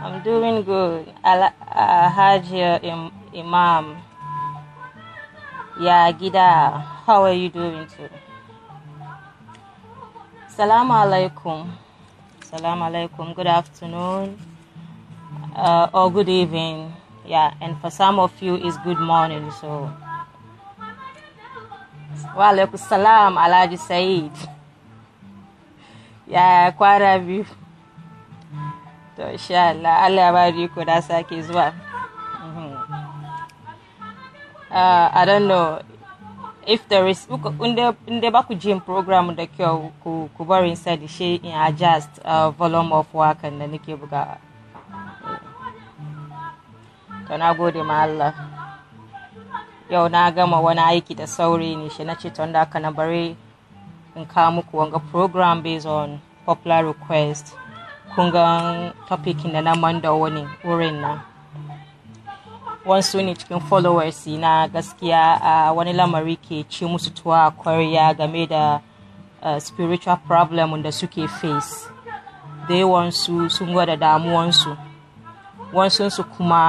I'm doing good. I heard your Im- Imam. Yeah, Gida, how are you doing too? Salam alaikum. Salam alaikum. Good afternoon uh, or good evening. Yeah, and for some of you, it's good morning. So, wa alaikum salam, Alaji Said. ya kwara biyu to Sha Allah Allah ba ku da sake zuwa uh, I don't know if there is in the baku gym program da kyau ku bar inside she in adjust uh, volume of work da nake buga to na gode ma Allah yau na gama wani aiki da sauri ne shi na ce tun da aka na bare in kawo muku wanga program based on popular request kun ga topikin na manda wani wurin na. wasu ne cikin followers na gaskiya a uh, wani lamari ke ci musu tuwa a kwariya game da uh, spiritual problem da suke face dai wansu sun gwada damuwansu wansunsu kuma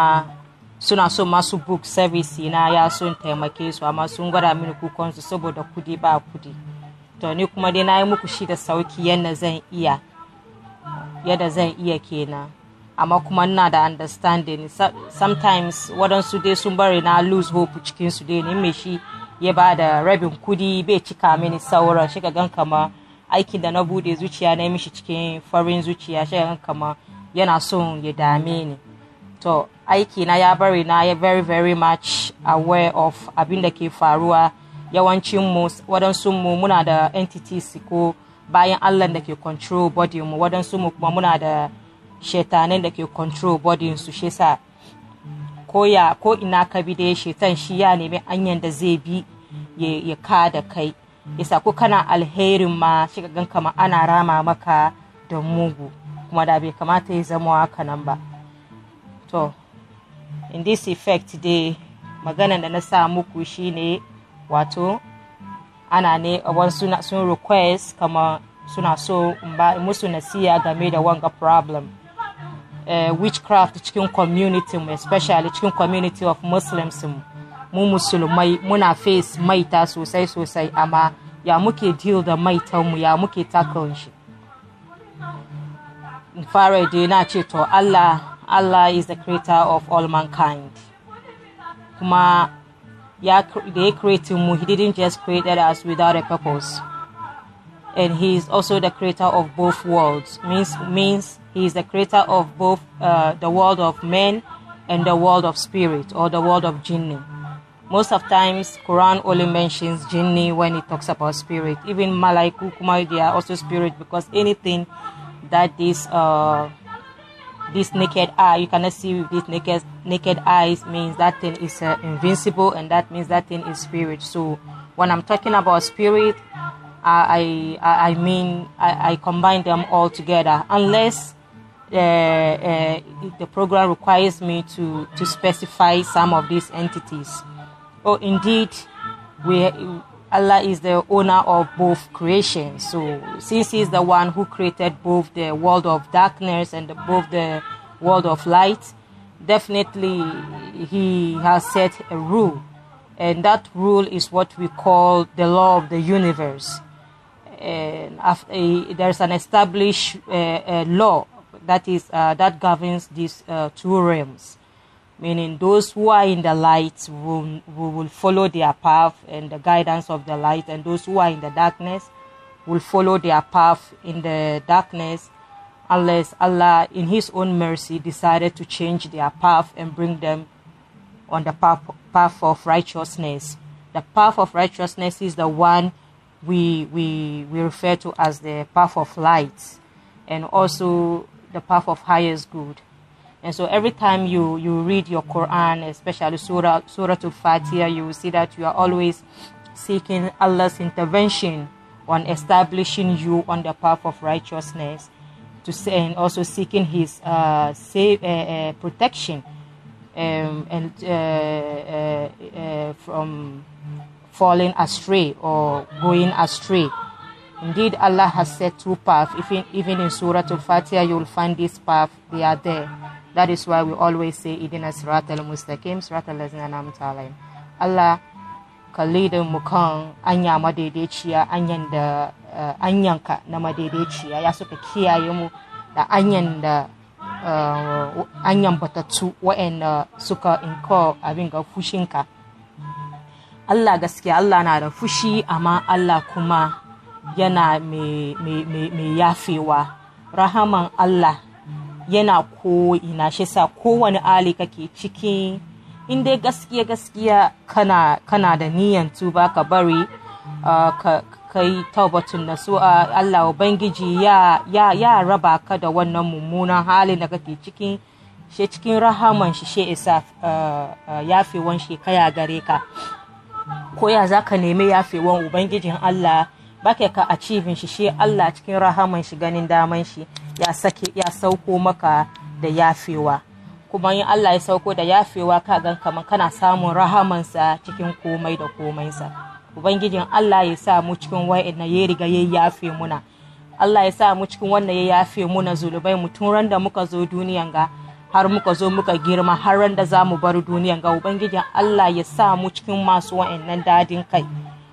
suna so masu book service na ya sun taimake su amma sun gwada mini kukansu saboda kudi ba kudi to ni kuma dai na yi muku shi da sauki yadda zan iya yadda zan iya kenan amma kuma ina da understanding sometimes wadansu dai sun bari na lose hope su dai ne mai shi ya ba da rabin kudi bai cika mini sauran shiga gan kama aikin da na bude zuciya na mishi cikin farin zuciya shiga gan kama yana son ya dame ni to aiki na ya bari na ya very very much aware of abin da ke faruwa yawancin mu waɗansu mu muna da entities ko bayan allah da ke control body mu waɗansu mu kuma muna da shetanen da ke control body su shi sa ko ya ko ina ka bi da shetan shi ya nemi anyan da zai bi ya ka da kai yasa ko kana alherin ma shi gan kama ana rama maka da mugu kuma da bai kamata ya zama haka nan ba to in this effect dai magana da na sa muku shine wato ana ne suna sun request kama suna so ba musu nasiya game da wanga problem uh, witchcraft cikin community mu especially cikin community of muslims mu musulmai muna face maita sosai sosai amma ya muke deal da maitanmu ya muke tackle shi fara dai na ce to allah allah is the creator of all mankind kuma yeah, they created Mu. He didn't just create us without a purpose. And he is also the creator of both worlds. Means means he is the creator of both uh, the world of men and the world of spirit or the world of jinni. Most of times, Quran only mentions jinni when it talks about spirit. Even malaiku, kumai, they are also spirit because anything that is uh, this naked eye you cannot see with this naked naked eyes means that thing is uh, invincible and that means that thing is spirit so when i'm talking about spirit i i, I mean I, I combine them all together unless uh, uh, the program requires me to to specify some of these entities oh indeed we Allah is the owner of both creation. So, since He is the one who created both the world of darkness and both the world of light, definitely He has set a rule. And that rule is what we call the law of the universe. And after, there's an established uh, law that is uh, that governs these uh, two realms meaning those who are in the light will, will follow their path and the guidance of the light, and those who are in the darkness will follow their path in the darkness unless Allah, in His own mercy, decided to change their path and bring them on the path, path of righteousness. The path of righteousness is the one we, we, we refer to as the path of light and also the path of highest good. And so every time you, you read your Quran, especially Surah, Surah Al-Fatiha, you will see that you are always seeking Allah's intervention on establishing you on the path of righteousness to say, and also seeking his uh, save, uh, uh, protection um, and uh, uh, uh, from falling astray or going astray. Indeed, Allah has set two paths. Even, even in Surah Al-Fatiha, you will find this path. They are there. That is why we always say, Idina Siratal Mustaqim, Siratal Lazina Namta Allah kalida mu kan anya madaidaiciya anyan da eh, anyanka na madaidaiciya ya suka kiyaye mu da anyan da eh, anyan batattu suka inko abin ga fushinka Allah gaskiya Allah na da fushi amma Allah kuma yana mai yafewa rahaman Allah yana ko ina shi sa kowane ali kake ciki in dai gaskiya gaskiya kana, da niyan tuba ka bari ka kai taubatun na su Allah Ubangiji ya, raba ka da wannan mummunan hali da kake cikin shi cikin rahaman shi shi isa yafewan shi kaya gare ka ko za ka nemi yafewan Ubangijin Allah baka ka achieving shi shi Allah cikin rahaman shi ganin daman shi ya sake ya sauko maka da yafewa kuma in Allah ya sauko da yafewa ka gan kaman kana samun sa cikin komai da sa ubangijin Allah ya sa mu cikin wa'in ya riga ya yafe muna Allah ya sa mu cikin wannan ya yafe muna zulubai mu tun ran da muka zo duniyan ga har muka zo muka girma har ran da za mu bar duniyan ga ubangijin Allah ya sa mu cikin masu nan dadin kai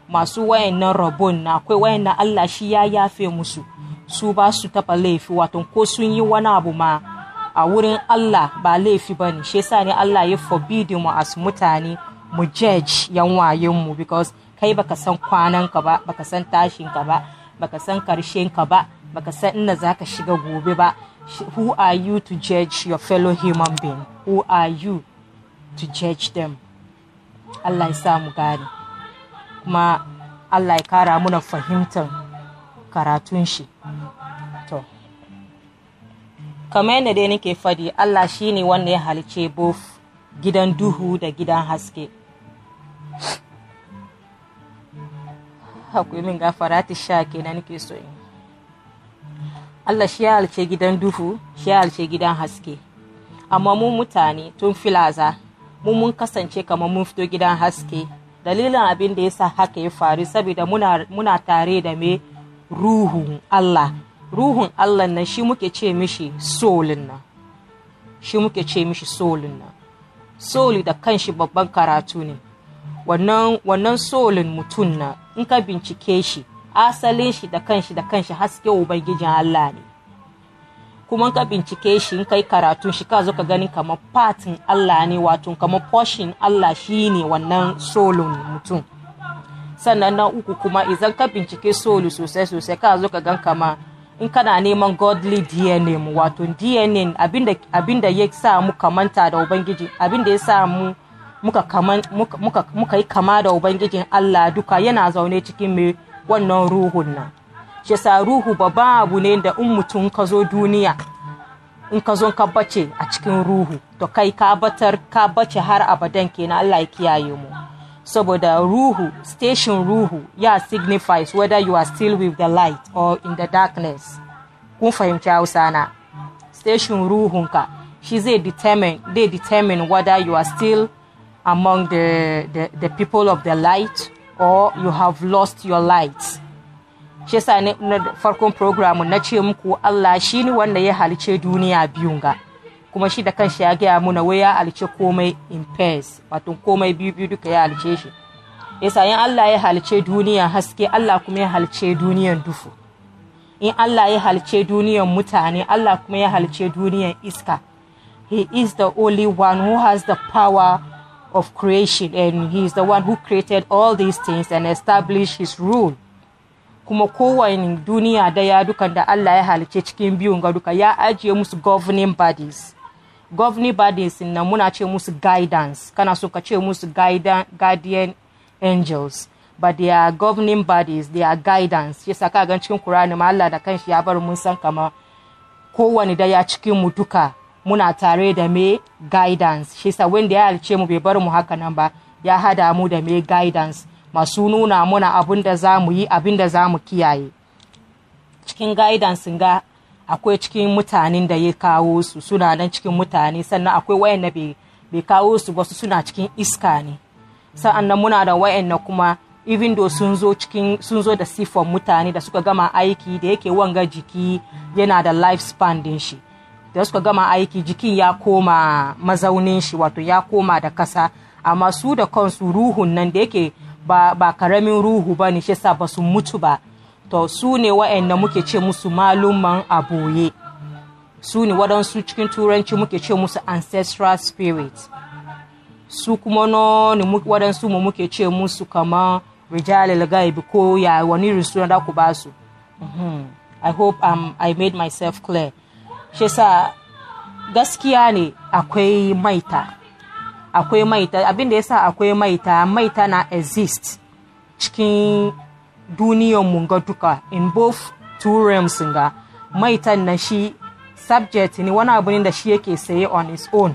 masu wayannan rabon na akwai wayanna Allah shi ya yafe musu su ba su taba laifi wato ko sun yi wani abu ma a wurin Allah ba laifi ba ne shi ne Allah ya forbid mu as mutane mu judge yan wayen mu because kai baka san kwanan ka ba baka san tashin ka ba baka san karshen ka ba baka san inda zaka shiga gobe ba who are you to judge your fellow human being who are you to judge them Allah ya sa mu gane kuma allah ya kara muna fahimtar karatun shi to kamar yadda dai nake fadi allah shine wanda ya halice bof gidan duhu da gidan haske haƙuri min gafara ta sha kenan nake so yi. Allah shi ya gidan duhu shi ya gidan haske amma mu mutane tun filaza mun kasance kamar mun fito gidan haske dalilin abin da ya sa haka ya faru saboda muna, tare da me ruhun Allah ruhun Allah nan shi muke ce mishi solin nan shi muke ce mishi solin nan soli da kanshi babban karatu ne wannan wannan solin mutum nan in ka bincike shi asalin shi da kanshi da kanshi haske ubangijin Allah ne kuma ka bincike shi in kai karatun shi ka zo ka gani kamar patin Allah ne wato kamar portion Allah shi ne wannan solon mutum sannan na uku kuma idan ka bincike solo sosai sosai ka zo ka gan kama in kana neman godly dna mu wato dna abinda, abinda ya sa mu kamanta da ubangiji abinda ya sa mu muka, kaman, muka, yi kama da ubangijin Allah duka yana zaune cikin mai wannan ruhun nan shi sa ruhu babban abu ne da in mutum ka zo duniya in ka zo ka bace a cikin ruhu to kai ka batar ka bace har abadan kenan Allah ya kiyaye mu saboda ruhu station ruhu ya signifies whether you are still with the light or in the darkness kun fahimci hausa na station ruhunka shi zai determine they determine whether you are still among the, the, the people of the light or you have lost your light shi yasa ne na farkon program na ce muku Allah shi ne wanda ya halice duniya biyun ga kuma shi da kanshi ya gaya muna wai ya halice komai in pairs wato komai biyu biyu duka ya halice shi yasa in Allah ya halice duniya haske Allah kuma ya halice duniyan dufu in Allah ya halice duniyan mutane Allah kuma ya halice duniyan iska he is the only one who has the power of creation and he is the one who created all these things and established his rule kuma kowane duniya da ya dukan da Allah ya halice cikin biyun ga duka ya ajiye musu governing bodies governing bodies na muna ce musu guidance kana so ka ce musu guardian angels but they are governing bodies they are guidance yasa ka gan cikin Qur'ani ma Allah da kanshi ya bar mun san kama kowane da ya cikin mu duka muna tare da me guidance shi sa wanda ya halice mu bai bar mu haka nan ba ya hada mu da me guidance masu nuna muna abin da za mu yi abin da za mu kiyaye cikin sun ga akwai cikin mutanen da ya kawo su suna nan cikin mutane sannan akwai wayanda bai kawo su ba suna cikin iska ne sa'annan muna da wayanda kuma even though sun zo cikin sun da sifon mutane da suka gama aiki da yake wanga jiki yana da life span din shi da suka gama aiki jikin ya koma mazaunin shi wato ya koma da kasa amma su da kansu ruhun nan da yake ba, karamin ruhu ba ne sa ba su mutu ba to su ne wa'anda muke ce musu maluman aboye su ne waɗansu cikin turanci muke ce musu ancestral spirit su kuma no ne waɗansu mu muke ce musu kamar rijalil gaibi ko ya wani irin suna da ku ba su mhm. i hope um, i made myself clear shesa gaskiya ne akwai maita akwai maita abin da sa akwai maita maita na exist cikin duniyan mu duka in both two realms ga maitan na shi subject ne wani abu ne da shi yake saye on its own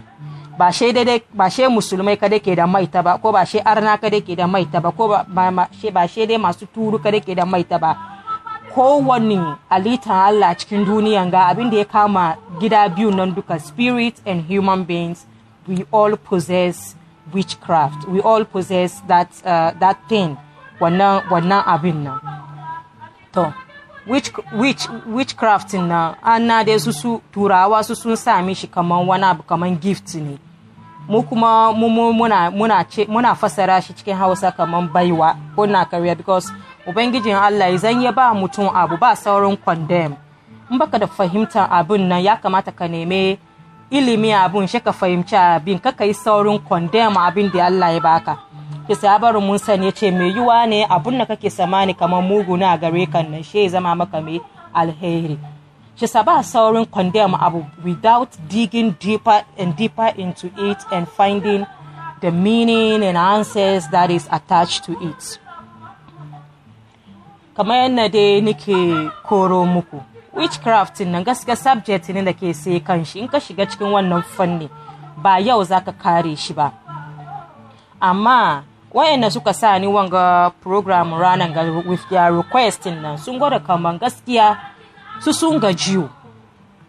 ba shi daidai ba shi musulmai kada ke da maita ba ko ba shi arna kada ke da maita ba ko ba shi dai masu turu kada ke da maita ba kowane alitan Allah cikin duniyan ga abin da ya kama gida biyu nan duka spirit and human beings we all possess witchcraft we all possess that uh, that thing wannan wannan abin now. to witch witch witchcraft nan an na dai su su turawa su sun sami shi kaman wani abu kaman gift ne mu kuma muna muna muna fasara shi cikin Hausa kaman baiwa ko na kariya because ubangijin Allah zan ya ba mutum abu ba saurin condemn in baka da fahimtar abin nan ya kamata ka neme ilimi abun shi ka fahimci abin ka kai saurin condemn abin da Allah ya baka ki barin mun sani yace mai yuwa ne abun da kake samani kamar mugu na gare kan nan shi zama maka mai alheri shi ba saurin condemn abu without digging deeper and deeper into it and finding the meaning and answers that is attached to it kamar yadda dai nake koro muku witchcraft na gaskiya subject ne da ke sai kanshi in ka shiga cikin wannan fanni ba yau za ka kare shi ba amma wayanda suka sa ni wanga program ranar ga with their requesting nan sun gwada kaman gaskiya su sun gajiyo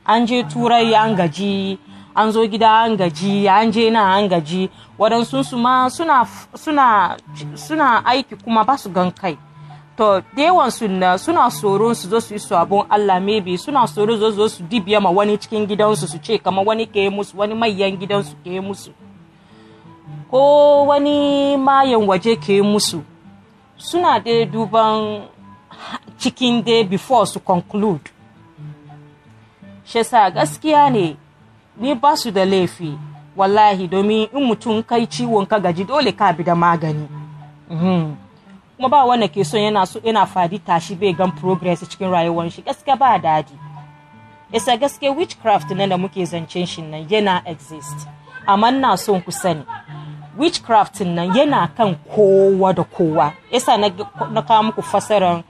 an je turai an gaji an zo gida an gaji an je na an gaji waɗansu su ma suna aiki kuma ba su gan kai to da su na suna tsoron su zo su yi sabon Allah maybe suna tsoron zo zo su dibiya ma wani cikin gidansu su ce kamar wani ke musu wani mayan gidansu ke musu ko wani mayan waje ke musu suna dai duban cikin dai before su conclude shi sa gaskiya ne ni ba su da laifi wallahi domin in mutum kai ciwon ka gaji dole ka bi da magani mm -hmm. kuma ba wanda ke son yana so yana fadi tashi bai gan progress cikin rayuwar shi gaskiya ba dadi isa gaske witchcraft nan da muke zancen shi nan yana exist amma na son ku sani witchcraft nan yana kan kowa da kowa isa na kawo muku fasarar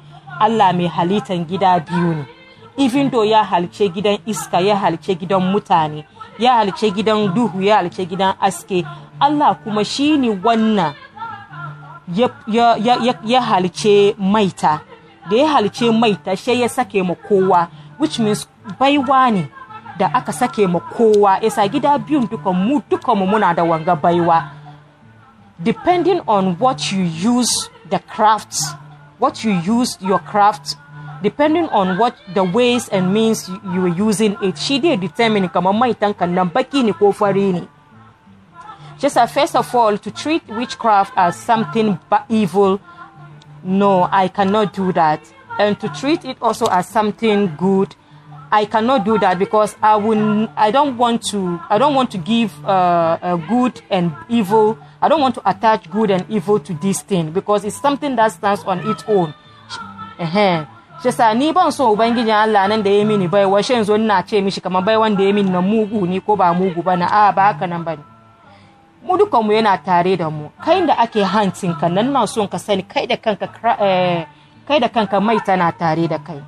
Allah mai halittar gida biyu ne even though ya halice gidan iska ya halice gidan mutane ya halice gidan duhu ya halice gidan aske Allah kuma shi ne wannan ya halice maita da ya halice maita shai ya sake ma kowa which means baiwa ne da aka sake ma kowa yasa gida biyun dukan mu dukan mu muna da wanga baiwa depending on what you use the craft what you use your craft depending on what the ways and means you were using it shi dai determine kamar maitan kan nan baki ne ko fari ne Just uh, first of all, to treat witchcraft as something evil, no, I cannot do that. And to treat it also as something good, I cannot do that because I would I don't want to I don't want to give uh, good and evil I don't want to attach good and evil to this thing because it's something that stands on its own. Uh-huh. shi sa ni ban so ubangijin Allah nan da ya mini bai washe yanzu ina ce mishi kamar bai wanda ya mini na mugu ni ko ba mugu ba na a ba haka nan bane mu mu yana tare da mu kai da ake hancin ka nan na son ka sani kai da kanka eh, kai da kanka mai tana tare da kai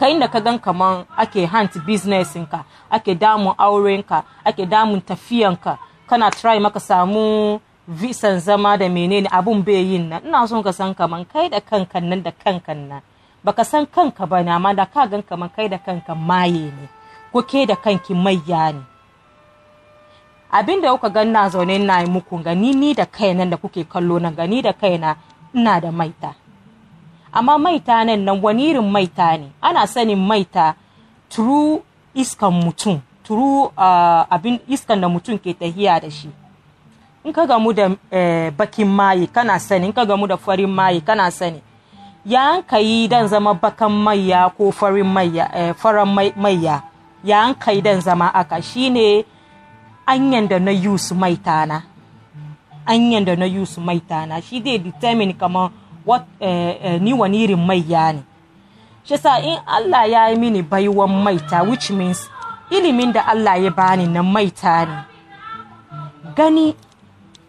kai da ka gan kaman ake hunt ka ake damun ka ake damun ka kana try maka samu visan zama da menene abun bai yin nan ina son ka san kaman kai da kanka nan da kanka nan baka san kanka ba na amma da ka gan kaman kai da kanka maye ne ko ke da kanki mai ne abin da kuka ganna zaune na yi muku gani ni da kaina da kuke kallo na gani da kaina ina da maita amma maita nan nan wani irin maita ne ana sanin maita turu iskan mutum true uh, ah, abin iskan da mutum ke tahiya da shi in ka gamu da eh, bakin maye kana sani in ka gamu da farin maye kana sani ya an yi dan zama bakan maiya ko farin maiya eh, faran maiya ya an yi dan zama aka shine anyan da na su maita na anyan da na su maita na shi dai determine kamar what eh, eh, ni wani irin mai ya ne shi sa in Allah ya yi mini baiwan maita which means ilimin da Allah ya bani na maita ne gani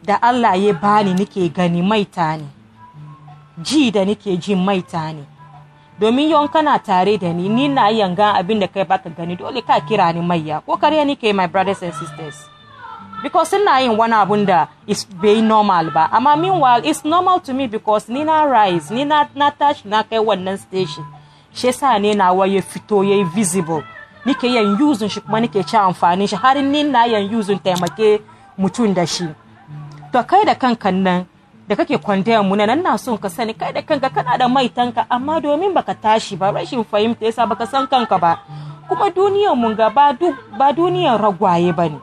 da Allah ya bani nike gani maita ne ji da nike ji maita ne domin yawan kana tare da ni ni na yanga abin da kai baka gani dole ka kira ni mayya ko kare ni ke my brothers and sisters because ina yin wani abun da is bai normal ba amma meanwhile it's normal to me because ni na rise ni na na tashi na kai wannan station shi yasa ne na waye fito yayi visible nike yan using shi kuma nike ci amfanin shi har ni na yan using taimake mutum da shi to kai da kankan nan da kake kwantaya mu nan na son ka sani kai da kanka kana da mai tanka amma domin baka tashi ba rashin fahimta yasa baka san kanka ba kuma duniyar mun ga ba duniyar ragwaye ba ne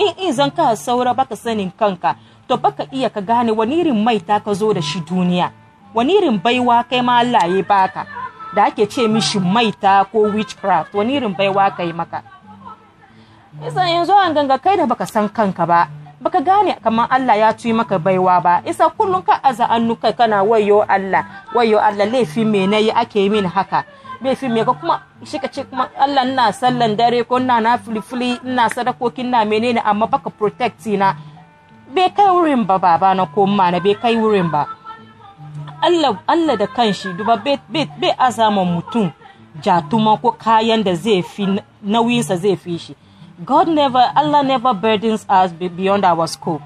in in zan ka saura baka sanin kanka to baka iya ka gane wani irin ta ka zo da shi duniya wani irin baiwa kai ma Allah ya baka da ake ce mishi maita ko witchcraft wani irin baiwa kai maka yanzu an ganga kai da baka san kanka ba baka gane kamar Allah ya ci maka baiwa ba isa kullum ka aza annuka kana wayo Allah wayo Allah laifi me nayi ake min haka laifi me ka kuma shi ka ce kuma Allah na sallan dare ko na na filifili ina sadakokin na menene amma baka protect na bai kai wurin ba baba na ko ma na bai kai wurin ba Allah Allah da kanshi duba bai aza ma mutum jatuma ko kayan da zai fi nauyinsa zai fi shi God never, Allah never burdens us beyond our scope.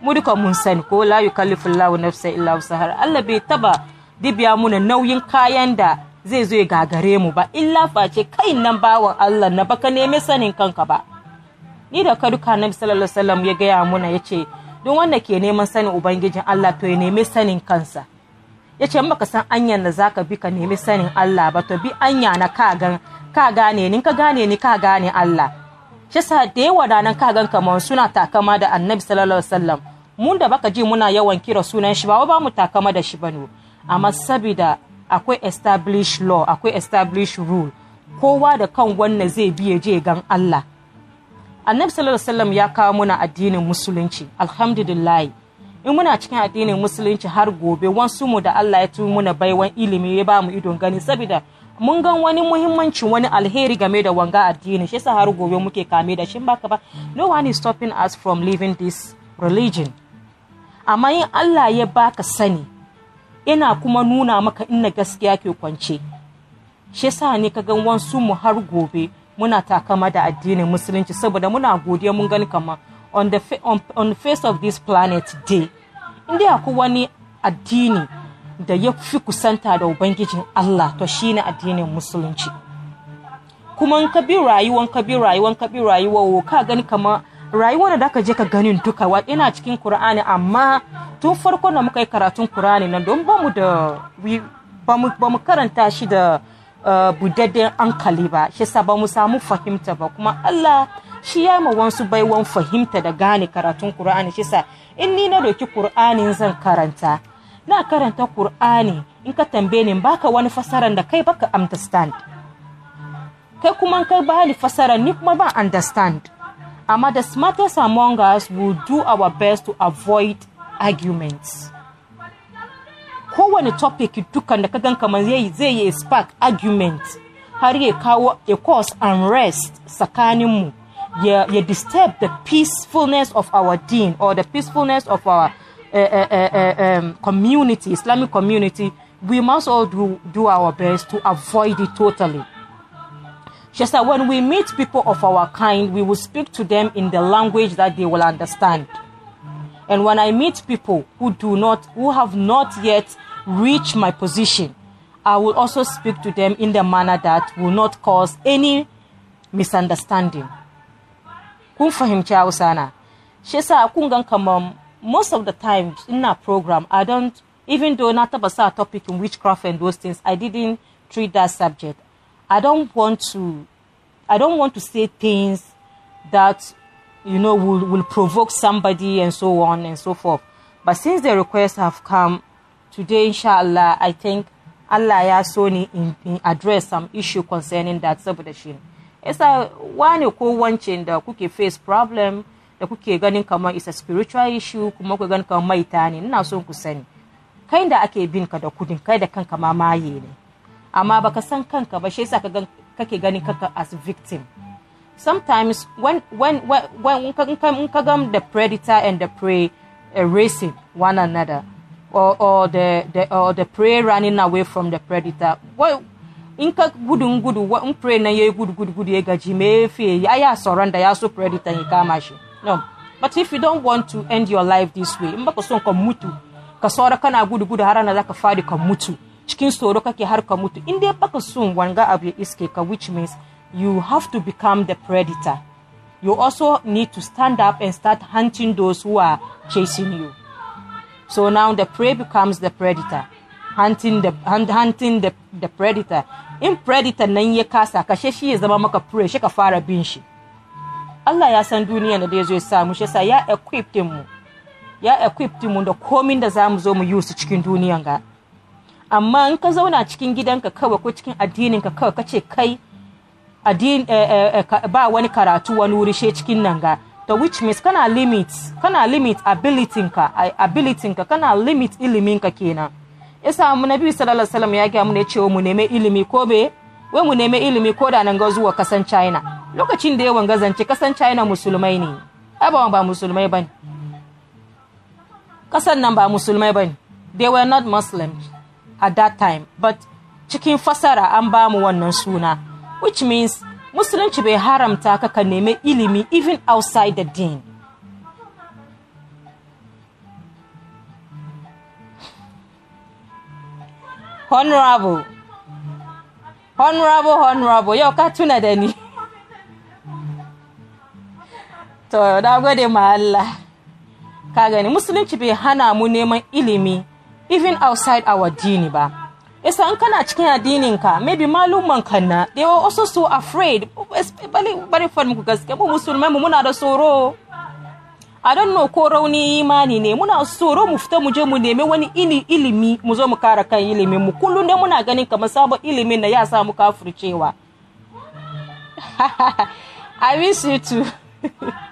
Mu duka mun sani ko la yukallifu Allahu nafsa illa wusahar. Allah bai taba dibiya muna nauyin kayan da zai zo ya gagare mu ba illa face kai nan bawan Allah na baka nemi sanin kanka ba. Ni da ka duka Nabi sallallahu alaihi wasallam ya gaya muna ce duk wanda ke neman sanin ubangijin Allah to ya nemi sanin kansa. ya ce maka san anyan da zaka bi ka nemi sanin Allah ba to bi anya na ka gan ka gane ni ka gane ni ka gane Allah shi sa da yawa ranar ka gan kamar suna takama da annabi sallallahu alaihi wasallam mun da baka ji muna yawan kira sunan shi ba ba mu takama da shi bane amma sabida akwai established law akwai established rule kowa da kan wannan zai biye je gan Allah annabi sallallahu alaihi wasallam ya kawo muna addinin musulunci alhamdulillah in muna cikin addinin musulunci har gobe wasu mu da Allah ya tuni muna baiwan ilimi ya ba mu idon gani saboda mun gan wani muhimmancin wani alheri game da wanga addini shi sa har gobe muke kame da shi baka ba no one is stopping us from living this religion amma in Allah ya baka sani ina kuma nuna maka ina gaskiya ke kwance shi sa ne ka gan wasu mu har gobe muna takama da addinin musulunci saboda muna godiya mun gani kama on the, face of this planet day inda akwai wani addini da ya fi kusanta da ubangijin Allah to ne addinin musulunci kuma ka bi rayuwan ka bi rayuwan ka bi rayuwa ka gani kamar rayuwar da aka je ka ganin duka wa ina cikin Kur'ani amma tun farko da muka yi karatun Kur'ani na don bamu da bamu karanta shi da eh, budadden hankali ba shi sa ba samu fahimta ba kuma Allah shi ya ma wasu baiwan fahimta da gane karatun Kur'ani shi sa in ni na doki ƙur'ani zan karanta na karanta Kur'ani in ka tambaye ni baka wani fasaran da kai baka understand kai kuma kai bani fasara ni kuma ba understand amma the smartest among us will do our best to avoid arguments kowane topic dukkan da ka gan kamar zai yi spark argument har ya kawo a cause unrest tsakaninmu ya disturb the peacefulness of our deen or the peacefulness of our uh, um, community, Islamic community, we must all do, do our best to avoid it totally. Just that when we meet people of our kind, we will speak to them in the language that they will understand. And when I meet people who do not, who have not yet reached my position, I will also speak to them in the manner that will not cause any misunderstanding. Kung fahimci Hausa na, shi yasa kun gan kamar most of the time in our program, I don't, even though na taba sa topic in witchcraft and those things, I didn't treat that subject. I don't want to, I don't want to say things that, you know, will, will provoke somebody and so on and so forth. But since the requests have come today, inshallah, I think Allah ya so ni in, in address some issue concerning that saboda shi. Isa wani ko wancin da kuke face problem, da kuke ganin kamar is a spiritual issue kuma ku ganin kamar maita ne ina son ku sani kai da ake bin ka da kudin kai da kanka ma maye ne amma baka san kanka ba shi yasa ka kake ganin kanka as victim sometimes when when when ka ga the predator and the prey uh, racing one another or, or the, the or the prey running away from the predator what in ka gudun gudu in prey na yayi gudu gudu gudu ya gaji me ya ya soranda ya so predator ya kama shi no but if you don't want to end your life this way in baka son ka mutu ka saura kana gudu gudu har na zaka fadi ka mutu cikin tsoro kake har ka mutu in dai baka son wanga abu ya iske ka which means you have to become the predator you also need to stand up and start hunting those who are chasing you so now the prey becomes the predator hunting the hunting the, the predator in predator nan ya kasa kashe shi ya zama maka prey shi ka fara bin shi Allah ya san duniyan da zai samu shi yasa ya equip din mu ya equip din mu da komin da zamu zo mu yi su cikin duniyan ga amma in ka zauna cikin gidanka kawai ko cikin addinin ka kawai kace kai addin eh, eh, eh, ba wani karatu wani wuri she cikin nan ga to which means kana limit kana limit ability ka ability ka kana limit ilimin ka kenan yasa mu nabi sallallahu alaihi wasallam ya ga mu ne cewa mu neme ilimi ko be wai mu neme ilimi ko da nan ga zuwa kasan china lokacin da ya wangazance kasan china musulmai ne abawan ba musulmai ba ne kasan nan ba musulmai ba ne they were not muslims at that time but cikin fasara an ba mu wannan suna which means musulunci bai haramta ka ka neme ilimi even outside the din honorable honorable honorable yau ka tuna da ni to na gode ma Allah ka gani musulunci bai hana mu neman ilimi even outside our dini ba isa in kana cikin addininka maybe malumman ka na they were also so afraid bari bari fa muku gaske mu musulmai mu muna da tsoro I don't know ko rauni imani ne muna tsoro mu fita mu je mu nemi wani ili ilimi mu zo mu kara kan ilimin mu kullum dai muna ganin kamar sabon ilimin na ya sa mu kafircewa I miss you too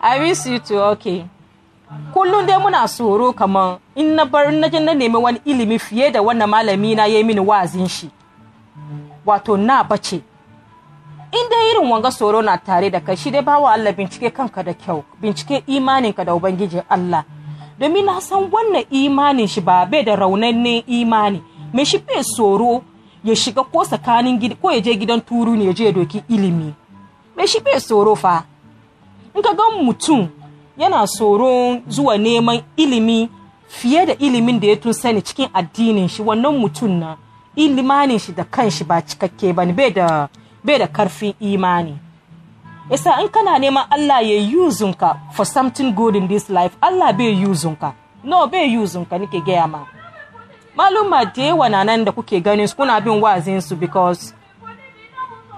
I miss you too, okay. Kullum dai muna tsoro kamar in na bar na je na nemi wani ilimi fiye da wannan malami na yayi mini wazin shi. Wato na bace. In dai irin wanga tsoro na tare da kai shi dai bawa Allah bincike kanka da kyau, bincike imaninka da ubangijin Allah. Domin na san wannan imanin shi ba bai da raunanne imani, me shi bai tsoro ya shiga ko tsakanin ko ya je gidan turu ne ya je doki ilimi. Me shi bai tsoro fa. in ka gan mutum yana tsoro zuwa neman ilimi fiye da ilimin da ya tun sani cikin addinin shi wannan mutum na ilimanin shi da kanshi ba cikakke ba ne bai da karfin imani isa in kana neman Allah ya yi ka for something good in this life Allah bai yi ka no bai yi ka nike gaya ma malumma da yawa na nan da kuke ganin su kuna bin wazin su because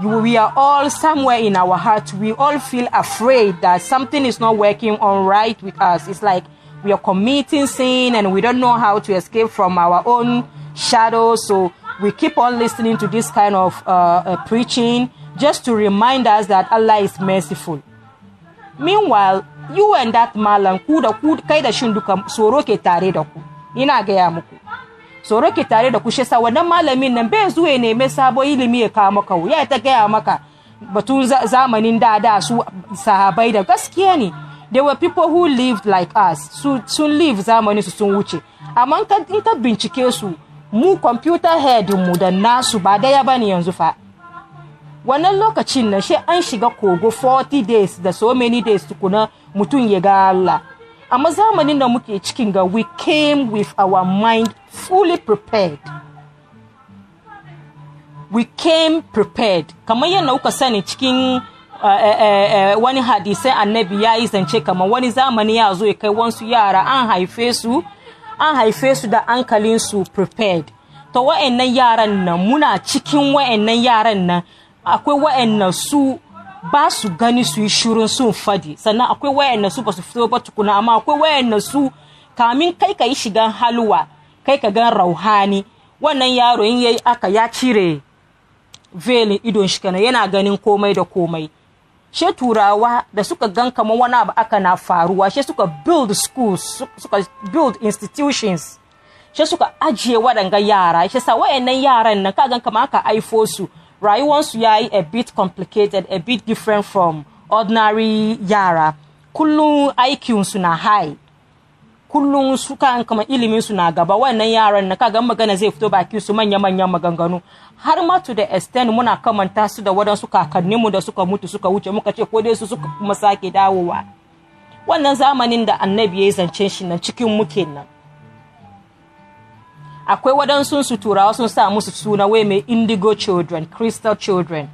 You, we are all somewhere in our hearts. We all feel afraid that something is not working on right with us. It's like we are committing sin and we don't know how to escape from our own shadows. So we keep on listening to this kind of uh, uh, preaching just to remind us that Allah is merciful. Meanwhile, you and that malam ku da kaida shunduka soroke shin tare da ku. Ina gaya muku. tsoro ki tare da kushe sa wannan malamin nan bai zuwa ya neme sabo ilimi ya kawo maka wuya ta gaya maka batun zamanin da da su sahabai da gaskiya ne they were people who lived like us sun live zamanin su sun wuce amma in ka bincike su mu computer head mu da nasu ba daya bane yanzu fa wannan lokacin nan she an shiga kogo 40 days da so many days tukuna mutum ya ga Allah amma zamanin da muke cikin ga we came with our mind fully prepared we came prepared kamar yadda kuka sani cikin eh, eh, eh, wani hadisai annabi ya yi zance kamar wani zamani ya zo ya kai wansu yara an haife su an haife su da ankalinsu prepared to wa'annan yaran nan muna cikin wa'annan yaran nan akwai wa'annan su ba su gani su yi shirin sun fadi sannan akwai wayan su ba su fito ba tukuna amma akwai wayan su kamin kai ka yi shigan halwa kai ka gan rauhani wannan yaro in yayi aka ya cire velin idon shi kana yana ganin komai da komai she turawa da suka gan kamar wani abu aka na faruwa she suka build schools suka build institutions she suka ajiye waɗanga yara she sa wayannan yaran nan ka gan kamar aka aifo su Once ya yayi a bit complicated a bit different from ordinary yara kullum IQ suna high kullum su kan kama ilimin su na gaba wannan yaran na kaga magana zai fito baki su manya manyan maganganu har ma to the extent muna kamanta su da wadansu kakanninmu da suka mutu suka wuce muka ce ko dai su suka kuma sake dawowa wannan zamanin da annabi ya yi zancen shi nan cikin muke nan akwai waɗansu su turawa sun sa musu suna wai mai indigo children crystal children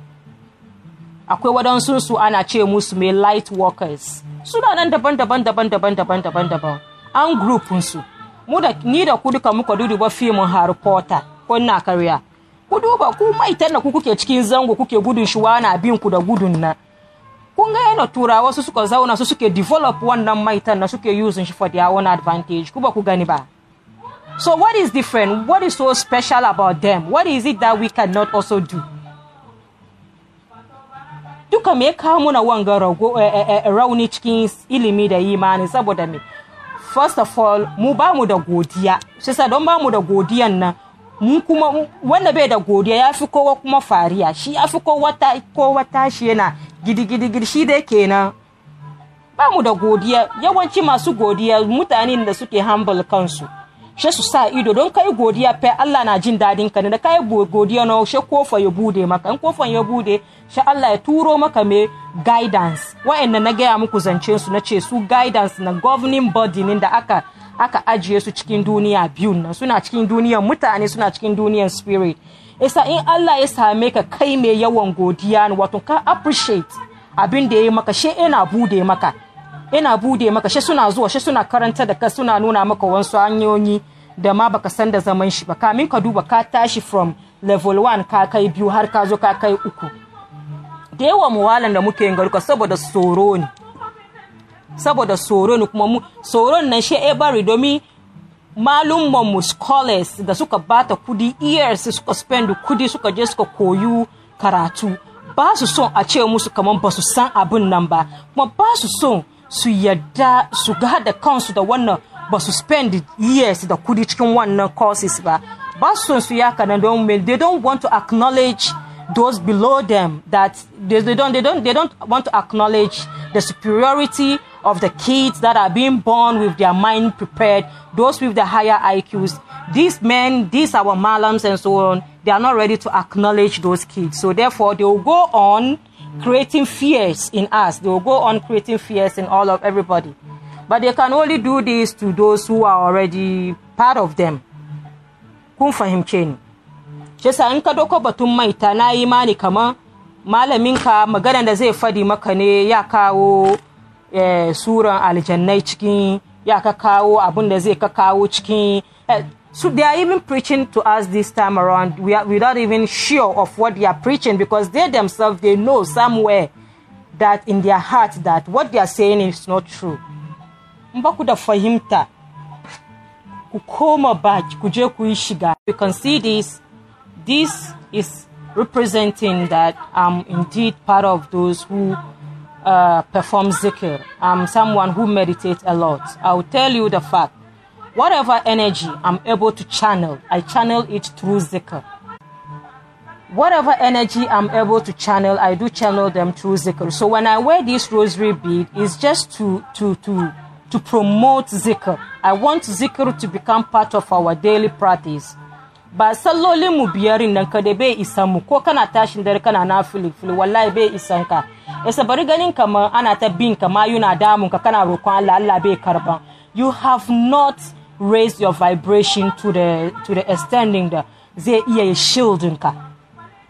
akwai waɗansu su ana ce musu mai light workers suna nan daban daban daban daban daban daban daban an grupin su mu da ni da ku duka muka duduba fim Harry Potter ko na karya ku duba ku maitan da ku kuke cikin zango kuke gudun shi wani bin ku da gudun na kun ga yana turawa su suka zauna su suke develop wannan maitan na suke using shi for their own advantage ku ba ku gani ba So, what is different? What is so special about them? What is it that we cannot also do? Duka me kawo muna wanga eh, eh, eh, rauni cikin ilimi da imani saboda me. First of all, mu ba mu da godiya. Shi sa don ba mu da godiyan nan, mun kuma wanda bai da godiya ya fi kowa kuma fariya, shi ya fi kowa tashi yana gidigidi shi dai kenan. Ba mu da godiya, yawanci masu godiya mutanen da suke humble kansu. she su sa ido don kai godiya fa Allah na jin dadin ka ne da kai godiya no she kofa ya bude maka in kofan ya bude she Allah ya turo maka me guidance wa'annan na gaya muku zance su na ce su guidance na governing body ne da aka aka ajiye su cikin duniya biyu nan suna cikin duniyar mutane suna cikin duniyar spirit isa in Allah ya same ka kai me yawan godiya ne wato ka appreciate abin da ya maka she ina bude maka yana bude maka shi suna zuwa shi suna karanta da ka suna nuna maka wasu hanyoyi da ma baka san da zaman shi ba kamin ka duba ka tashi from level 1 ka kai biyu har ka zo ka kai uku da yawa muwalan da muke yin garuka saboda tsoro ne saboda tsoro ne kuma tsoron nan shi ebari domin malumman mu scholars da suka bata kudi years suka spend kudi suka je suka koyu karatu ba su son a ce musu kamar ba su san abin nan ba kuma ba su son su yadda su haɗa kansu da wannan ba but spend years da kudi one courses ba ba so son su yaka nan don they don't want to acknowledge those below them that they, they don't they don't they don't want to acknowledge the superiority of the kids that are being born with their mind prepared those with the higher IQs these men these our malams and so on they are not ready to acknowledge those kids so therefore they will go on creating fears in us. They will go on creating fears in all of everybody. But they can only do this to those who are already part of them. Kun fahimce ni. sa in ka doko batun maita na yi imani kamar malaminka magana da zai fadi maka ne ya kawo eh, suran aljannai cikin ya ka kawo abin da zai ka kawo cikin eh, So they are even preaching to us this time around. We are without even sure of what they are preaching because they themselves they know somewhere that in their heart that what they are saying is not true. Mbakuda fahimta kukoma baj kuje kuishiga. You can see this. This is representing that I'm indeed part of those who uh, perform zikr. I'm someone who meditates a lot. I'll tell you the fact. Whatever energy I'm able to channel, I channel it through Zika. Whatever energy I'm able to channel, I do channel them through Zika. So when I wear this rosary bead, it's just to to to to promote Zika. I want Zika to become part of our daily practice. Ba sallolin mu biyarin nan ka bai isan mu ko kana tashin dare kana na filifili wallahi bai isan ka. Yasa bari ganin kamar ana ta bin ka yuna damun ka kana roƙon Allah Allah bai karban. You have not raise your vibration to the to the extending the zai iya ya shieldin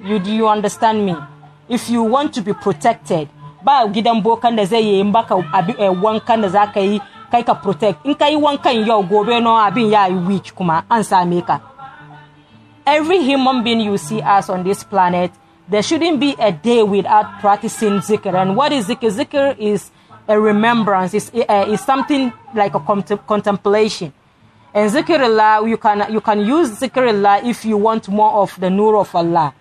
you do you understand me if you want to be protected ba gidan bokan da zai yi baka eh, wankan da zaka yi kai ka protect in ka yi wankan yau gobe no abin ya yi kuma an same ka every human being you see us on this planet there shouldn't be a day without practicing zikr and what is zikr zikr is a remembrance is, uh, eh, eh, is something like a contemplation and zikrullah, you can you can use zikrullah if you want more of the nur of Allah.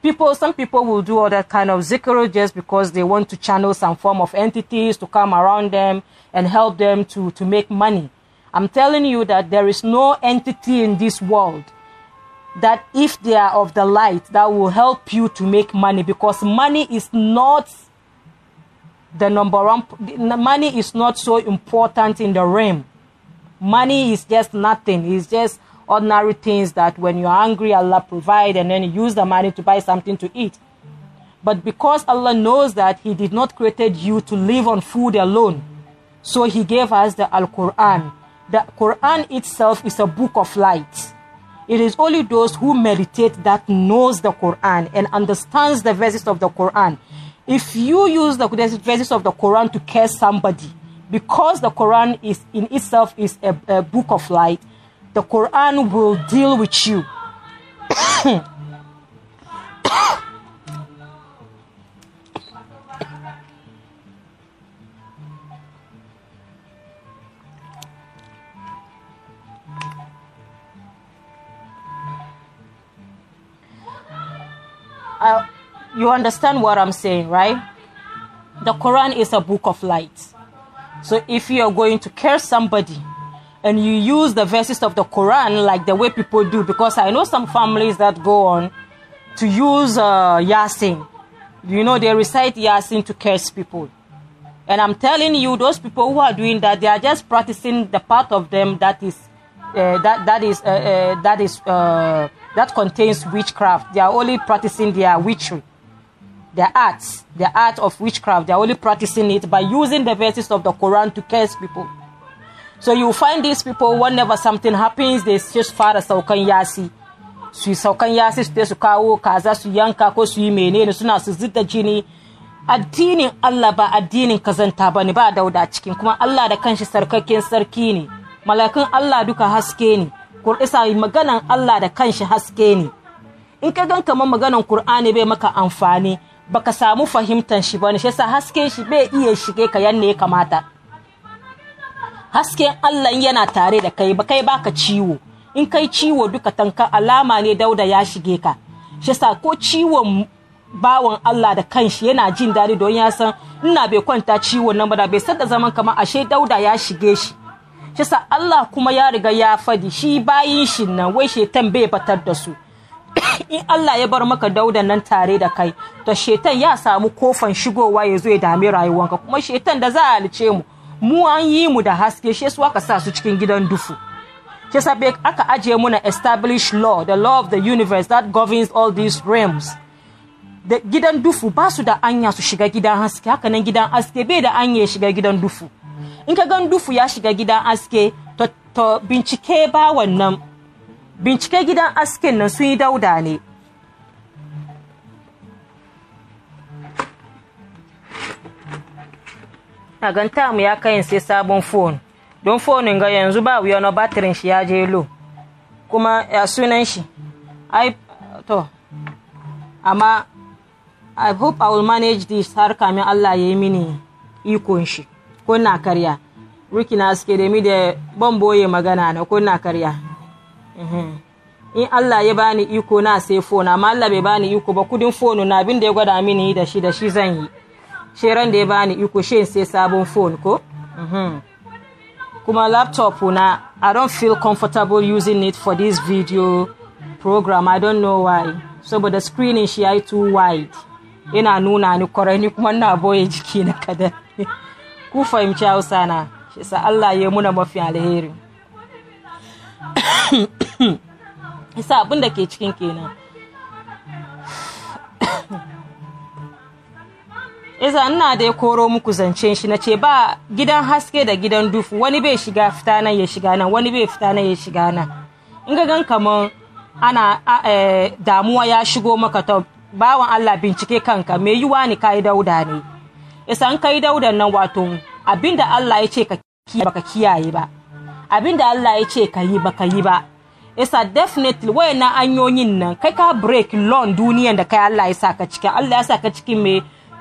People, some people will do all that kind of zikr just because they want to channel some form of entities to come around them and help them to, to make money. I'm telling you that there is no entity in this world that if they are of the light that will help you to make money because money is not the number one money is not so important in the realm Money is just nothing. It's just ordinary things that when you're hungry, Allah provide, and then you use the money to buy something to eat. But because Allah knows that He did not create you to live on food alone, so He gave us the Al Quran. The Quran itself is a book of light. It is only those who meditate that knows the Quran and understands the verses of the Quran. If you use the verses of the Quran to curse somebody, because the Quran is in itself is a, a book of light, the Quran will deal with you. uh, you understand what I'm saying, right? The Quran is a book of light so if you are going to curse somebody and you use the verses of the Quran like the way people do, because I know some families that go on to use uh, Yasin. You know, they recite Yasin to curse people. And I'm telling you, those people who are doing that, they are just practicing the part of them that is, uh, that, that is, uh, uh that is, uh, that contains witchcraft. They are only practicing their witchery. the arts the art of witchcraft. They are only practicing it by using the verses of the Quran to curse people. So you find these people whenever something happens, they just fara saukan yasi. Su yi saukan yasi su su kawo kaza su yanka ko su yi menene suna su zita jini. Addinin Allah ba addinin kazanta ba ne ba dauda cikin kuma Allah da kanshi sarkakken sarki ne. Malakun Allah duka haske ne. Kur'isa maganan Allah da kanshi haske ne. In ka gan kamar maganan Kur'ani bai maka amfani, baka samu fahimtar shi bane shi yasa hasken shi bai iya shige ka yanne ya kamata hasken Allah yana tare da kai ba kai baka ciwo in kai ciwo duka tanka alama ne dauda ya shige ka shi yasa ko ciwon bawan Allah da kanshi yana jin daɗi don ya san ina bai kwanta ciwon nan ba da bai san da zaman kamar ashe dauda ya shige shi shi yasa Allah kuma ya riga ya fadi shi bayin shi nan wai shetan bai batar da su in Allah ya bar maka dauda nan tare da kai to shetan ya samu kofan shigowa ya zo ya dame rayuwanka kuma shetan da za a mu mu an yi mu da haske shi su aka sa su cikin gidan dufu ke sabe aka ajiye muna establish law the law of the universe that governs all these realms da gidan dufu ba su da anya su shiga gidan haske haka nan gidan haske bai da anya ya shiga gidan dufu in ka gan dufu ya shiga gidan haske to bincike ba wannan bincike gidan askin nan sun yi dauda ne A gan tamu ya kayan sai sabon fon don fonin ga yanzu ba wuya na batirin shi ya je lo kuma ya sunan shi ai to amma i hope i will manage this har kamin allah ya yi mini ikon shi ko na karya ruki na suke da mi da ban boye magana na ko na karya Mhm. in Allah ya bani iko na sai fona amma Allah bai bani iko ba kudin fono na abin da ya gwada mini da shi da shi zan yi ran da ya bani iko she sai sabon phone ko mhm. kuma laptop na I don't feel comfortable using it for this video program I don't know why saboda screening shi yayi too wide ina nuna ni kwarai ni kuma ina boye jiki na kada ku fahimci Hausa na shi sa Allah ya muna mafi alheri isa abin da ke cikin kenan Iza ina da ya koro muku zance shi na ce ba gidan haske da gidan dufu wani bai shiga fita nan ya shiga nan wani bai fita nan ya shiga nan in ga gan kaman ana eh, damuwa ya shigo maka ta bawan Allah bincike kanka me yiwa ni kai dauda ne isa an kai Dauda nan wato abinda Allah ya ce ka baka kiyaye ba abinda Allah ya ce ka yi baka yi ba isa definitely na hanyoyin nan kai ka break loan duniyan da kai Allah ya saka ciki Allah ya saka ciki mai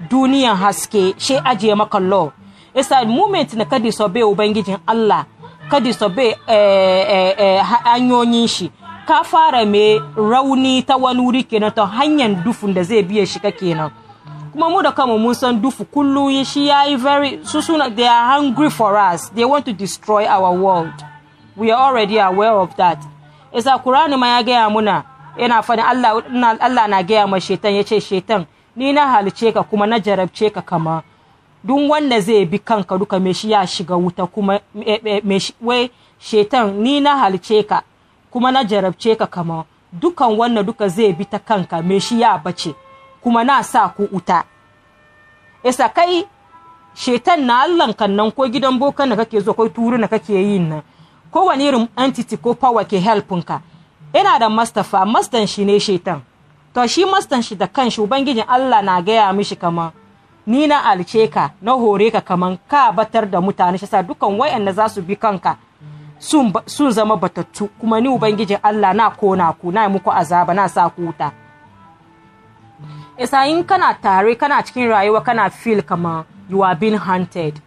duniyan haske shi ajiye maka law isa moment na ka disobey ubangijin Allah ka disobey hanyoyin eh, eh, eh, shi ka fara mai rauni ta wani wuri kenan ta hanyar dufun da zai biya shi ka kenan kuma mu da kanmu mun san dufu kullum shi yayi very su suna they are hungry for us they want to destroy our world we are already aware of that isa kurani ma ya gaya muna yana fadin Allah Allah na gaya ma shetan yace shetan ni na halice ka kuma na jarabce ka kama duk wanda zai bi kanka duka me shi ya shiga wuta kuma me wai shetan ni na halice ka kuma na jarabce ka kama dukan wannan duka zai bi ta kanka me shi ya bace kuma na sa ku wuta isa kai shetan na allan kan nan ko gidan bokan da kake zo kai turu na kake yin nan kowane irin entity ko power ke ka. ina da mastafa mastan shi ne shetan. to shi mastan shi da kanshi ubangijin Allah na gaya mishi kaman ni na alce ka na hore ka kaman ka batar da mutane shi sa dukan wayanda za su bi kanka sun zama batattu kuma ni ubangijin Allah na kona ku na muku azaba na sa ku wuta isa in kana tare kana cikin rayuwa kana feel kaman you are being hunted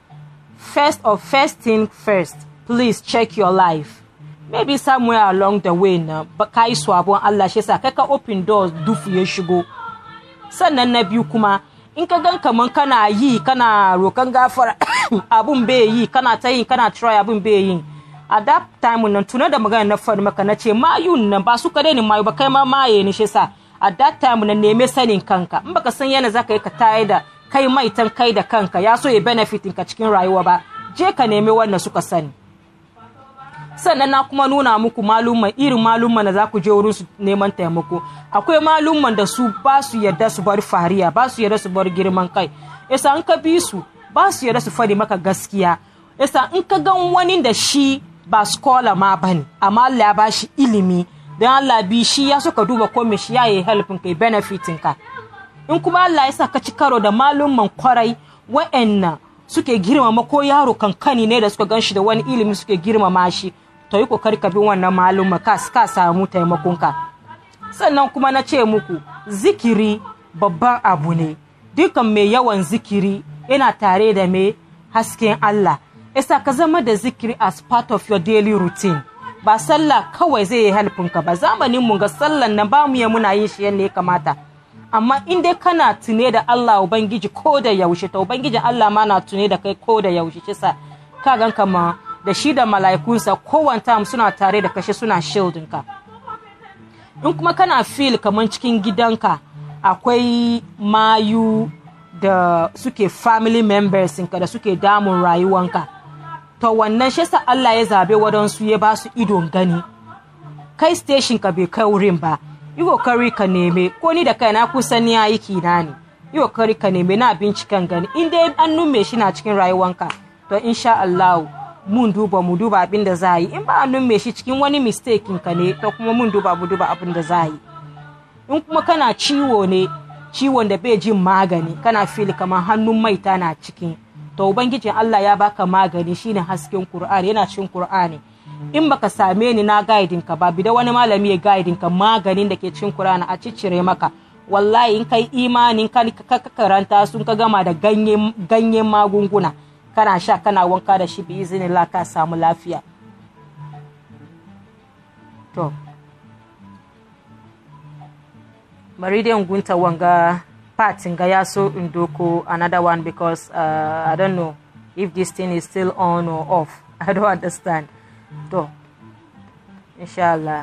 first of first thing first please check your life maybe somewhere along the way na ka yi swabon Allah shi sa ka open doors dufu ya shigo sannan na biyu kuma in ka gan kaman kana yi kana rokan gafara abun bai yi kana ta yi kana try abun bai yi a that time nan tuna da magana na faru maka na ce mayun nan ba su kare ni mayu ba kai ma maye ni shi sa a that time nan neme sanin kanka in baka san yana zaka yi ka tayar da kai maitan kai da kanka ya so ya benefit ka cikin rayuwa ba je ka nemi wannan suka sani sannan na kuma nuna muku malumman irin malumman da za ku je wurin su neman taimako akwai malumman da su ba su yarda su bar fariya ba su yarda su bar girman kai yasa in ka bi su ba su yarda su fadi maka gaskiya yasa in ka gan wani da shi ba skola ma bane amma Allah ya ba shi ilimi don Allah bi shi ya suka duba ko me shi ya yi helpin kai benefitin ka in kuma Allah ya sa ka ci karo da malumman kwarai wa'annan suke girmama ko yaro kankani ne da suka gan shi da wani ilimi suke girmama shi to yi kokari ka bi wannan maluma ka ka samu taimakonka sannan kuma na ce muku zikiri babban abu ne dukan mai yawan zikiri yana tare da mai hasken Allah isa ka zama da zikiri as part of your daily routine ba sallah kawai zai yi ka ba zamanin mu ga sallan nan ba mu ya muna yin shi yadda ya kamata amma in dai kana tune da Allah ubangiji ko da yaushe to ubangijin Allah ma na tune da kai ko da yaushe kisa ka gan kama da shi da mala'ikunsa kowane tam suna tare da kashe suna shildinka. in kuma kana fil kamar cikin gidanka akwai mayu da suke family members ka da suke damun rayuwanka to wannan shesa Allah ya zabe wadansu ya ba su idon gani kai station ka bai kai wurin ba yi kokari ka neme ko ni da kai na kusan ni aiki na ne yi kokari ka neme na binciken gani in dai an nume shi na cikin rayuwanka to insha Allah mun duba mu duba abin da za yi in ba a nume shi cikin wani mistakin ka ne ta kuma mun duba mu duba abin da za yi in kuma kana ciwo ne ciwon da bai jin magani kana fili kamar hannun maita na cikin to ubangijin Allah ya baka magani shine hasken Qur'ani yana cikin Qur'ani in baka same ni na guiding ka ba bi wani malami ya guiding ka maganin da ke cikin Qur'ani a ciccire maka wallahi in kai imanin ka karanta sun ka gama da ganyen magunguna kana sha kana wanka da shi bi izinillah ka samu lafiya to bari gunta wanga patin ga ya so in doko another one because uh, i don't know if this thing is still on or off i don't understand to inshallah